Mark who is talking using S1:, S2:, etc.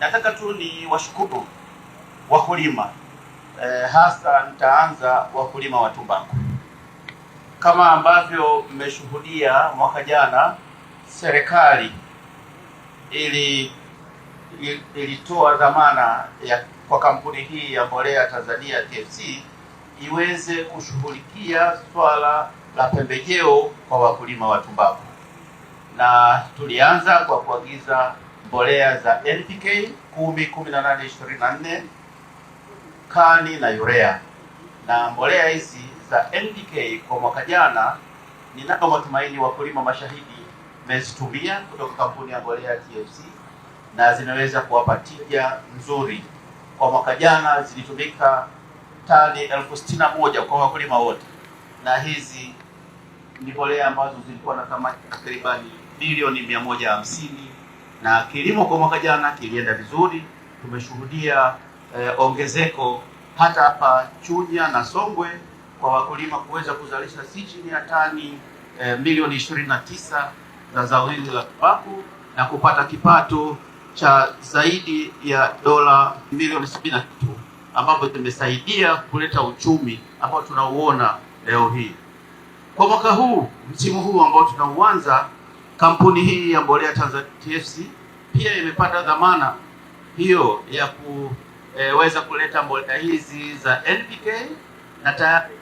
S1: Nataka tu ni washukuru wakulima e, hasa nitaanza wakulima wa tumbaku. Kama ambavyo mmeshuhudia mwaka jana, serikali ili ilitoa dhamana ya kwa kampuni hii ya mbolea Tanzania TFC iweze kushughulikia swala la pembejeo kwa wakulima wa tumbaku, na tulianza kwa kuagiza mbolea za NPK 10 18 24 kani na urea na mbolea hizi za NPK kwa mwaka jana, ninao matumaini wakulima mashahidi mezitumia kutoka kampuni ya mbolea TFC na zimeweza kuwapa tija nzuri. Kwa mwaka jana zilitumika tani elfu sitini na moja kwa wakulima wote, na hizi ni mbolea ambazo zilikuwa na thamani takribani bilioni mia moja hamsini na kilimo kwa mwaka jana kilienda vizuri, tumeshuhudia eh, ongezeko hata hapa Chunya na Songwe kwa wakulima kuweza kuzalisha si chini ya tani eh, milioni 29 za zao hili la tumbaku na kupata kipato cha zaidi ya dola milioni 73 ambapo zimesaidia kuleta uchumi ambao tunauona leo hii. Kwa mwaka huu, msimu huu ambao tunauanza Kampuni hii ya mbolea Tanzania TFC pia imepata dhamana hiyo ya kuweza eh, kuleta mbolea hizi za NPK na tayari